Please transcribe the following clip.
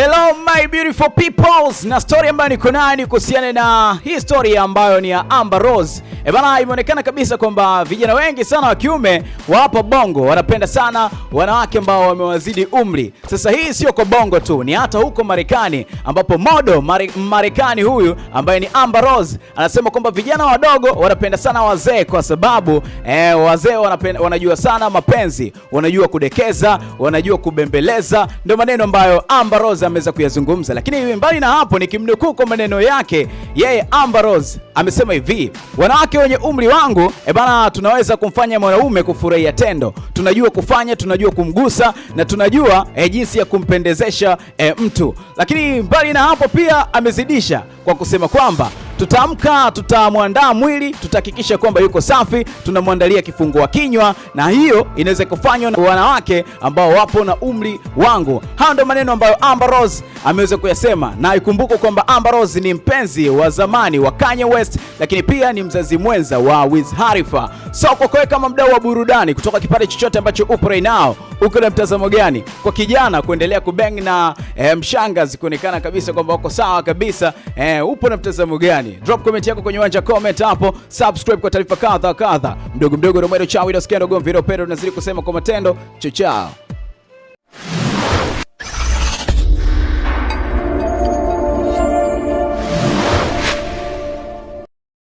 Hello my beautiful peoples, na story ambayo niko nayo ni kuhusiana na hii story ambayo ni ya Amber Rose. E bana, imeonekana kabisa kwamba vijana wengi sana wa kiume wa hapa Bongo wanapenda sana wanawake ambao wamewazidi umri. Sasa hii sio kwa Bongo tu, ni hata huko Marekani ambapo modo Marekani huyu ambaye ni Amber Rose anasema kwamba vijana wadogo wanapenda sana wazee kwa sababu eh, wazee wanajua sana mapenzi, wanajua kudekeza, wanajua kubembeleza. Ndio maneno ambayo Amber Rose ameweza kuyazungumza, lakini mbali na hapo, nikimnukuu kwa maneno yake yeye, Amber Rose amesema hivi, wanawake wenye umri wangu e bana, tunaweza kumfanya mwanaume kufurahia tendo, tunajua kufanya, tunajua kumgusa na tunajua e, jinsi ya kumpendezesha e, mtu. Lakini mbali na hapo pia amezidisha kwa kusema kwamba Tutaamka, tutamwandaa mwili, tutahakikisha kwamba yuko safi, tunamwandalia kifungua kinywa, na hiyo inaweza kufanywa na wanawake ambao wapo na umri wangu. Hayo ndio maneno ambayo Amber Rose ameweza kuyasema, na ikumbuke kwamba Amber Rose ni mpenzi wa zamani wa Kanye West, lakini pia ni mzazi mwenza wa Wiz Khalifa. So kwa kama mdau wa burudani kutoka kipande chochote ambacho upo right now uko na mtazamo gani kwa kijana kuendelea kubeng na eh, mshangazi kuonekana kabisa kwamba wako sawa kabisa eh, upo na mtazamo gani? Drop comment yako kwenye uwanja comment hapo, subscribe kwa taarifa kadha kadha. Mdogo mdogo Romero chao, ila skendo gomvi Pedro, nazidi kusema kwa matendo chochao.